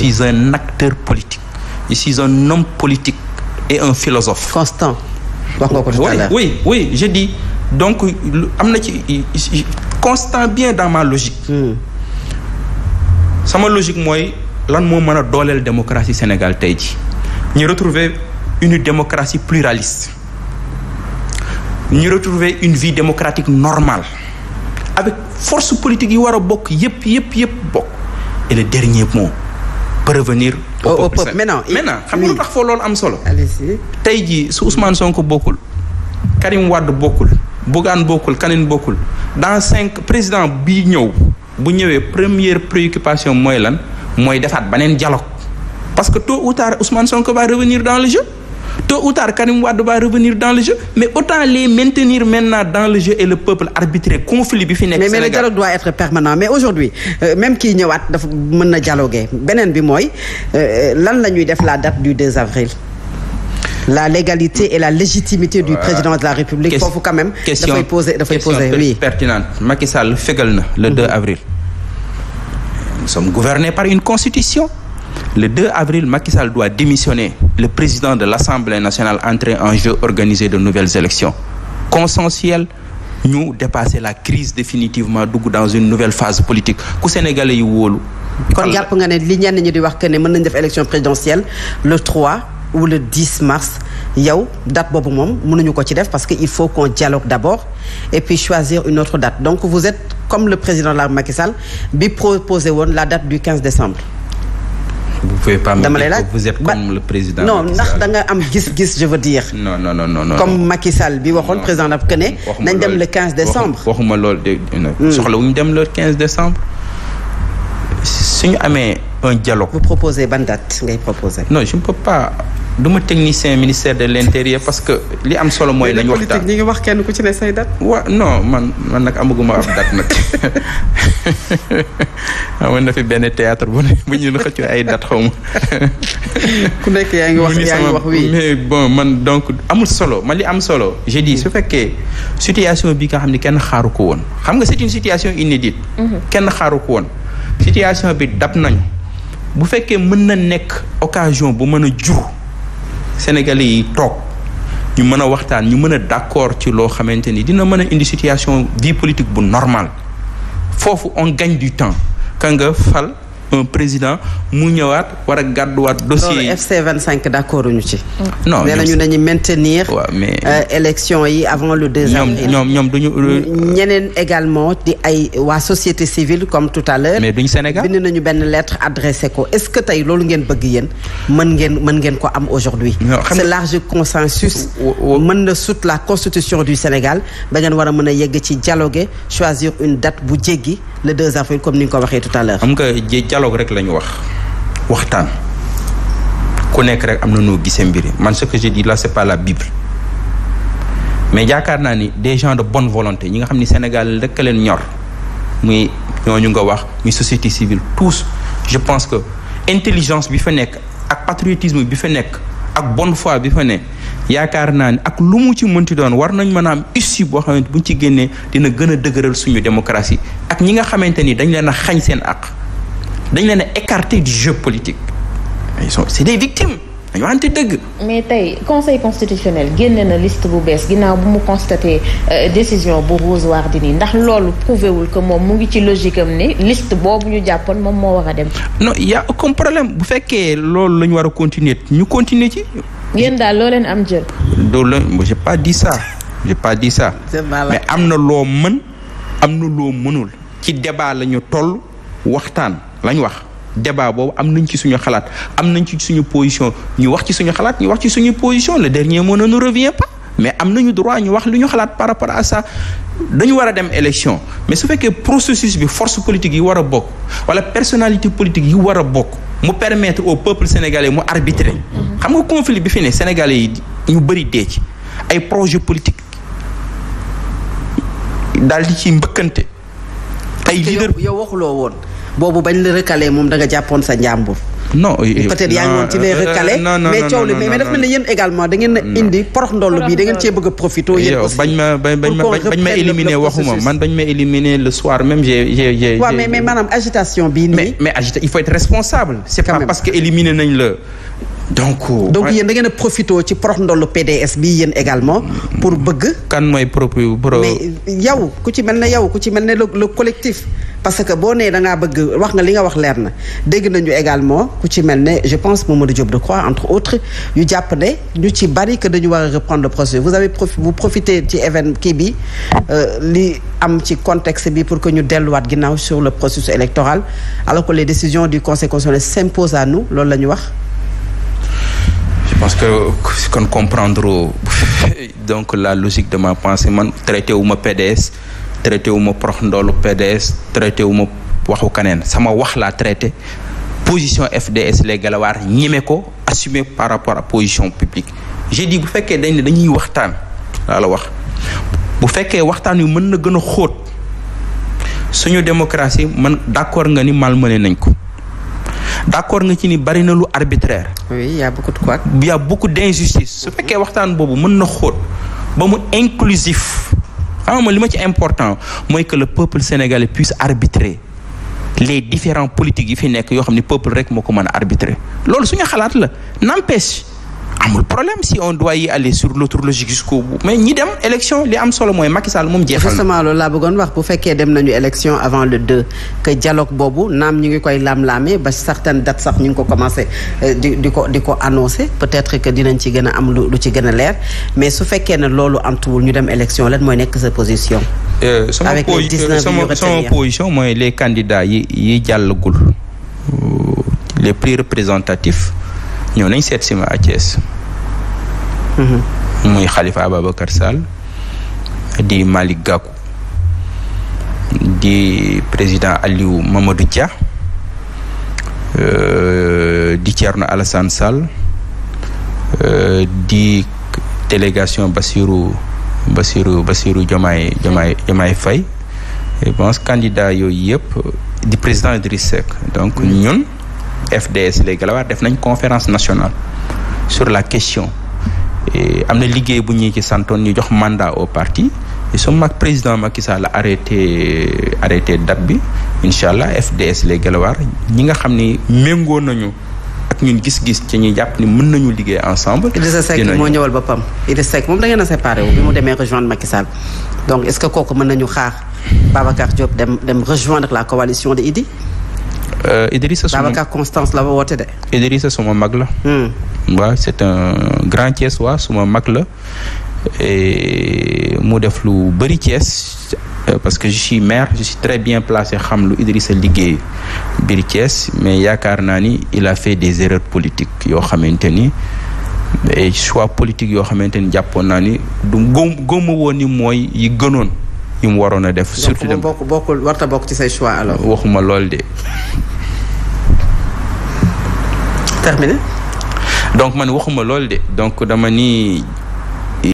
suis un acteur politique je suis un homme politique un philosophe constant wax nga ko je dis donc am na ci constant bien dans ma logique hmm. sama logique mooy lan moo mën a dooleel démocratie Sénégal tey ji ñu retrouver une démocratie pluraliste ñu retrouver une vie démocratique normal avec force politique yi war a bokk yëpp yëpp yëpp bokk et le dernier mot parvenir au peuple au peuple xam nga lu tax foo loolu am solo. tey jii su Ousmane Sonko bokkul Karim wadd bokkul Bougane bokkul Kanin bokkul dans cinq président bi ñëw bu ñëwee première préoccupation mooy lan mooy defaat beneen dialogue parce que tôt ou tard Ousmane Sonko va dans le jeu. tôt ou tard Karim Wade va revenir dans le jeu mais autant les maintenir maintenant dans le jeu et le peuple arbitrer conflit bi fi nekk. Sénégal mais mais le dialogue doit être permanent mais aujourd'hui euh, même kii ñëwaat dafa mën na dialoguer beneen bi mooy euh, lan la ñuy def la date du 2 avril. la légalité et la légitimité du président de la République. foofu quand même dafay poser dafay poser Sall fégal na le 2 mhm. avril. nous sommes gouvernés par une constitution. Le 2 avril, Macky Sall doit démissionner. Le président de l'Assemblée nationale entrer en jeu organiser de nouvelles élections. Consensuelles, ñu dépasser la crise définitivement dugg dans une nouvelle phase politique ku sénégalais yi wóolu. kon jàpp nga ne li ñenn ñi di wax que ne mën nañ def élection présidentielle le 3 ou le 10 mars yow date boobu moom mënuñu ko ci def parce que il faut qu'on dialogue d'abord et puis choisir une autre date donc vous êtes comme le président la Macky Sall bi woon la date du 15 décembre. vous pouvez pas me dire que vous êtes comme le président non ndax da nga am gis-gis je veux dire. non non non non comme Macky Sall bi waxoon président daf ko ne. nañ dem le 15 décembre waxuma loolu de hmm. soxlawuñu dem le 15 décembre. suñu amee un dialogue. vous proposez ban date ngay proposer. non je ne peux pas. du ma technicien ministère de l' parce que li am solo mooy. nañu waxtaan politique ñi ngi wax kenn ku ci ne say date. wa non man man nag amaguma ab date nag amoon na fi benn théâtre bu ne bu ay date xaw yaa ngi wax yaa man donc amul solo man li am solo. j'ai su fekkee situation bi nga xam ne kenn xaaru ko woon xam nga c' est une situation inédite. Mhm. kenn xaaru ko woon. situation bi dab nañu. bu fekkee mën na nekk occasion bu mën a jur. Sénégalais yi toog ñu mën a waxtaan ñu mën a d'accord ci loo xamante ni dina mën a indi situation vie politique bu normal foofu on gagne du temps ka nga fal. un président mu ñëwaat wara gàdduwaat dossier yi FC 25 d' accord ñu ci. non nee nañu dañuy maintenir. mais euh, élection yi avant le 2 avril. ñoom ñoom duñu. Euh, ñeneen également di ay waa société civil comme tout à l'heure duñ Sénégal bind nañu benn lettre adressé ko est ce que tey loolu ngeen bëgg yéen mën ngeen mën ngeen ko am aujourd'hui ce large consensus. mën na sut la constitution du Sénégal ba ngeen war a mën a yegg ci jaloge choisir une date bu jéggi. le 2 avril comme ni nga ko waxee tout à l'heure xam nga ji rek lañu wax waxtaan ku nekk rek am na noo gisee mbiri man ce que je dis là c'est la bible mais yaakaar naa ni des gens de bonne volonté ñi nga xam ni Sénégal rek leen ñor muy ñooñu nga wax muy société civile tous je pense que intelligence bi fa nekk ak patriotisme bi fa nekk ak bonne fois bi fa nekk yaakaar naa ne ak lu mu ci mënti doon war nañ mën a boo xamante buñ ci génnee dina gën a dëgëral suñu démocratie ak ñi nga xamante ni dañu leen a xañ seen ak dañ leen a écarté du jeu politique ils sont c'est des victimes dañu waxante dëgg. mais tey conseil constitutionnel génne na liste bu bees ginnaaw bu mu constaté euh, décision bu di Wardini ndax loolu prouvé wul que moom mu ngi ci logique am ni liste boobu ñu jàppoon moom moo war a dem. non y a aucun bu fekkee loolu la ñu war a continuer ñu continuer ci. yéen daal loo leen am jël. doo leen j'ai pas dit ça j'ai pas dit ça. mais am na loo mën am na loo mënul. ci débat la ñu toll waxtaan lañu wax débat boobu am nañ ci suñu xalaat am nañ ci suñu position ñu wax ci suñu xalaat ñu wax ci suñu position le dernier mot ne nous revient pas mais am nañu droit ñu wax lu ñu xalaat par rapport à ça dañu war a dem élection mais su fekkee processus bi force politique yi war a bokk wala personalité politique yi war a bokk mu permettre au peuple sénégalais mu arbitrer. xam nga conflit bi fi ne Sénégalais yi ñu bëri dee ci ay projet politique daal di ci mbëkkante. ay leader yow waxuloo woon boobu bañ la recalé moom da nga jàppoon sa njàmbur. non eh, peut-être yaa ngi woon ci les euh, euh, recalés mais coow li mais da ngeen a indi bi da ngeen cee bëgg a ma bañ ma man bañ ma éliminer le soir même j'ai j'ai j'ai mais maanaam agitation bi nii mais mais agita il faut être responsable c'est pas parce que éliminer nañ la donc euh, donc yéen da ngeen a profité ci prof ndollu PDS bi yéen également pour bëgg. kan mooy propre pro. mais yow ku ci mel ne yow ku ci mel ne le le collectif. parce que boo nee da ngaa bëgg wax nga li nga wax leer na dégg nañu également ku ci mel ne je pense moom Mamadou Diop Decroix entre autres yu jàpp ne ñu ci bari que dañu war a reprendre le processus vous avez profi vous profitez ci événement kii bi euh, li am ci contexte bi pour que ñu delluwaat ginnaaw sur le processus électoral alors que les décisions du conseil loolu la wax. je pense que kon comprendre donc la logique de ma pensée man traité wu ma PDS traité wu ma prox ndoolu PDS traité wu ma waxu kaneen sama wax la traité position FDS les Galawaar ñeme ko assumer par rapport ak position publique j'ai bu fekkee dañ ne dañuy waxtaan laa la wax bu fekkee waxtaan yu mën na gën a xóot suñu démocratie man d'accord nga ni mal mane nañ ko d'accord nga ci ni bari na lu arbitraire. oui y a beaucoup de quoi. y a beaucoup d'injustice. su fekkee waxtaan boobu mën na xóot ba mu inclusif xam nga li ma ci important mooy que le peuple sénégalais puisse arbitrer les différents politiques yi fi nekk yoo xam ni peuple rek moo ko mën a arbitrer loolu suñu xalaat la n'empêche amul problème si on doit y aller sur l'autre logique jusqu'au bout mais ñi dem élection li am solo mooy Macky Sall moom jeexal justement loolu laa bëggoon wax bu fekkee dem nañu élection avant le 2 que dialogue boobu naam ñu ngi koy laam-laamee ba certaines dates sax ñu ngi ko commencé euh, di di ko di ko annoncé peut-être que dinañ ci gën a am lu lu ci gën a leer mais su fekkee ne loolu antuwul ñu dem élection lan mooy nekk sa position euh, euh, sama position mooy les candidats yi yi jàllagul les plus représentatifs ñoo nañ seet si ma à Mm-hmm. muy Khalifa Ababacar Sall di Malick Gakou di président Aliou Mamadou Dia euh, di Thierno Alassane Sall euh, di délégation Bassirou Bassirou Bassirou Diomaye Diomaye fay Faye je yooyu yëpp di président Idriss Seck donc mm-hmm. ñun FDS les Galawaar def nañ conférence nationale sur la question am na liggéey bu ñuy ci santoon ñu jox mandat au parti su mag président Macky Sall arrêté arrêté date bi incha allah FDS lay gëlawaar ñi nga xam ni méngoo nañu ak ñun gis-gis ci ñuy jàpp ni mun nañu liggéey ensemble. Idrissa Seck moo ñëwal boppam Idrissa Seck moom da ngeen a séparé wu mu demee rejoindre Macky Sall donc est-ce que kooku mën nañu xaar Babacar Diop dem dem rejoindre la coalition de Idi. Euh, Idrissa suma Babacar Constance la woote de. Idrissa suma mag la. Hmm. waaw c'est un grand Thiès waa suma mag la mu def lu bëri Thiès euh, parce que je suis maire je suis très bien placé xam lu Idrissa liggéey biir Thiès mais yaakaar naa ni il a fait des erreurs politiques yoo xamante ni choix politique yoo xamante ni jàppoon naa ni du gëm gëmmu woon ni mooy yi gënoon yi mu waroon a def. surtout dem bokk bokkul warta bokk ci say choix alors. waxuma lool de. donc man waxuma lool de donc dama ni